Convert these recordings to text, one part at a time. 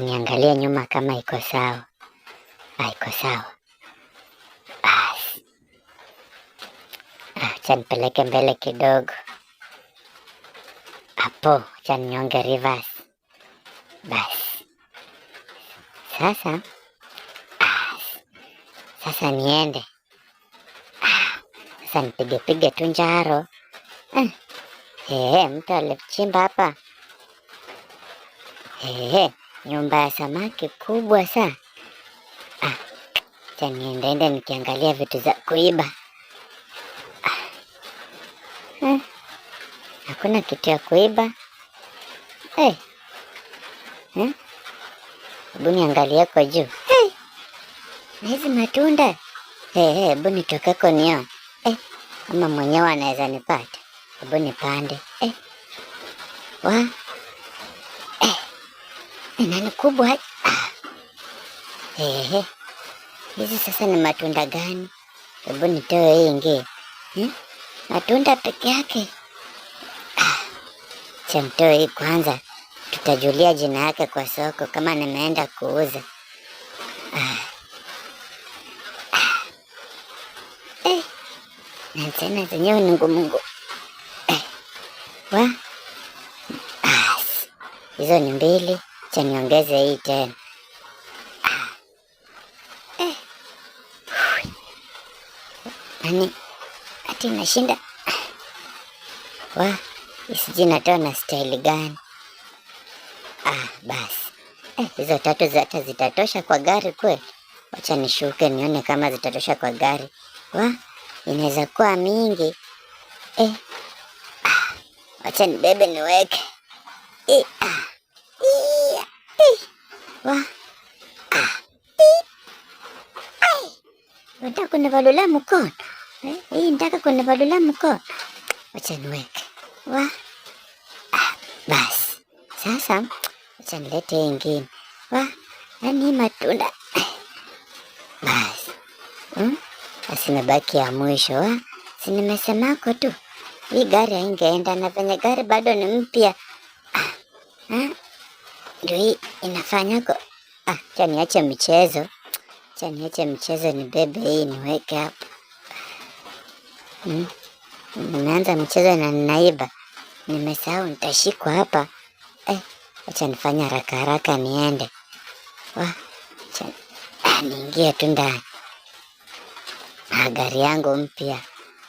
niangalie nyuma kama iko sawa. aiko ah, sawa basi. Ah, chanipeleke mbele kidogo hapo, chaninyonge reverse. Basi sasa as. Sasa niende ah. Sasa nipigepige tu njaro eh, Mtu alichimba hapa. eh nyumba ya samaki kubwa sana. Ah, cha niendeende nikiangalia vitu za kuiba. Ah, eh, hakuna kitu ya kuiba eh, eh, hebu niangalie kwa juu hey, eh, na hizi matunda hey, eh, eh, hey, hebu nitokeko nio eh, ama mwenyewe anaweza nipata, hebu nipande eh, wa nani kubwa ah. Ehe, hizi sasa ni matunda gani? Hebu nitoe hii hmm? Matunda peke yake ah. Chamtoe hii kwanza, tutajulia jina yake kwa soko kama nimeenda kuuza ah. Ah. Eh. Na tena zenyewe ni ngumungu eh. Wa ah, hizo ah. ni mbili Acha niongeze hii tena. Ah. Eh. Nani ati nashinda? Wa, isiji natoa na style gani? Ah, basi eh, hizo tatu zata zitatosha kwa gari kweli? Wacha nishuke nione kama zitatosha kwa gari. Wa, inaweza kuwa mingi eh. Ah, wacha nibebe niweke eh. Ah. Eh. Nataka kunivalulia mkono eh, hii, nataka kunivalulia mkono, wacha niweke wa ah, basi. Sasa wacha nilete ingine wa nani, matunda basi, hmm? basi mebaki ya mwisho wa si nimesemako tu, hii gari haingeenda na venye gari bado ni mpya ndio hii inafanyako. Ah, cha niache michezo, cha niache michezo, ni bebe hii niweke hapa. Hmm. Nimeanza michezo na ninaiba, nimesahau nitashikwa hapa eh. Acha nifanya haraka haraka niende. Wah, cha ah, niingie tu ndani na gari yangu mpya.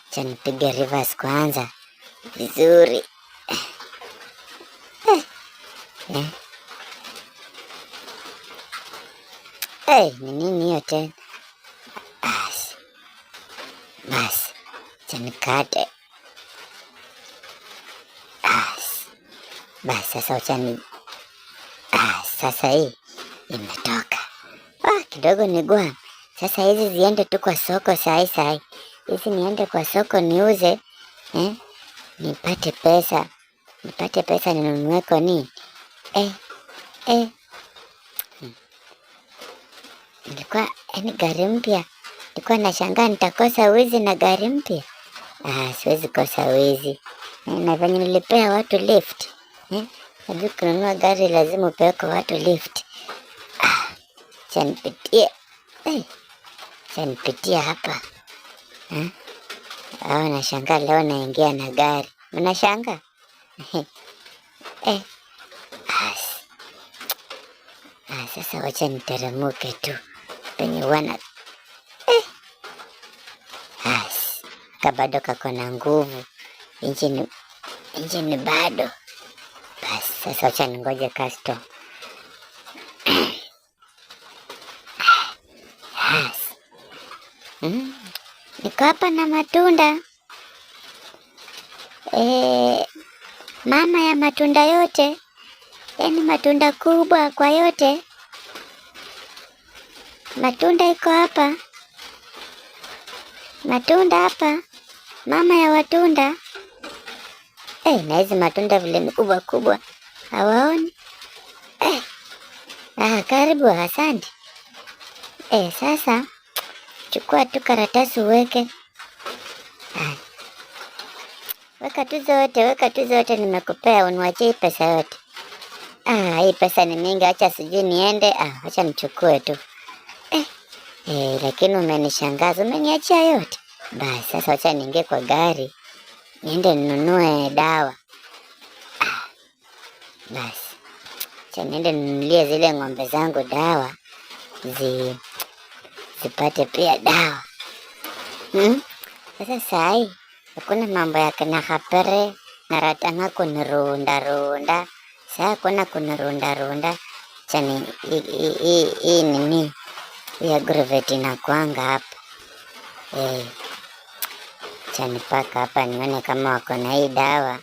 cha nipige reverse kwanza vizuri eh. Eh. Hey, ni nini hiyo tena? Basi basi, acha nikate. Basi basi, sasa uchani. Sasa hii imetoka ah, kidogo ni Sasa hizi ziende tu kwa soko sai sai hizi niende kwa soko niuze eh? Nipate pesa nipate pesa ninunue ko nini eh, eh. Nilikuwa yani gari mpya, nilikuwa nashangaa nitakosa wizi na gari mpya. Ah, siwezi kosa wizi hmm, na venye nilipea watu lift eh? Najua kununua gari lazima upewe kwa watu lift. Ah, chanipitia. Eh, chanipitia hapa eh? Au nashangaa leo naingia na gari, mnashangaa eh. Ah, sasa wacha niteremuke tu penye wana eh. As, kabado kako na nguvu injini, injini bado. bas. sasa acha ningoje custom Mm. Niko hapa na matunda e, mama ya matunda yote, yaani matunda kubwa kwa yote. Matunda iko hapa, matunda hapa, mama ya watunda. Hey, eh, na hizi matunda vile mikubwa kubwa hawaoni. Hey. Eh. Ah, karibu. Asante. Hey, eh, sasa chukua tu karatasi uweke. ah. Weka tu zote, weka tu zote, nimekupea uniwachie pesa yote. Ah, hii pesa ni mingi, acha sijui niende. Ah, acha nichukue tu. E, lakini umenishangaza, umeniachia yote. Basi sasa wacha niingie kwa gari niende ninunue dawa. Ah, basi cha niende ninunulie zile ng'ombe zangu dawa zi, zipate pia dawa hmm? Sasa sai hakuna mambo ya kana hapere na ratanga kunirunda runda, saa hakuna kunirunda runda chani hii nini hiyo gravity na hapa eh, chanipaka hapa nione kama wako na hii dawa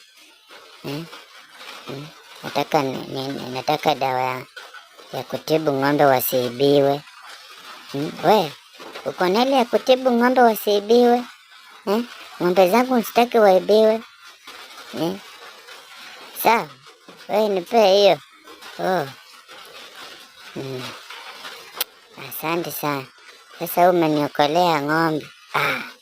eh, eh, nataka, nataka dawa ya, ya kutibu ng'ombe wasiibiwe hmm? We uko na ile ya kutibu ng'ombe wasiibiwe eh? Ng'ombe zangu msitaki waibiwe eh? Sawa, we nipee hiyo oh. hmm. Asante sana. Sasa umeniokolea ng'ombe. Ah.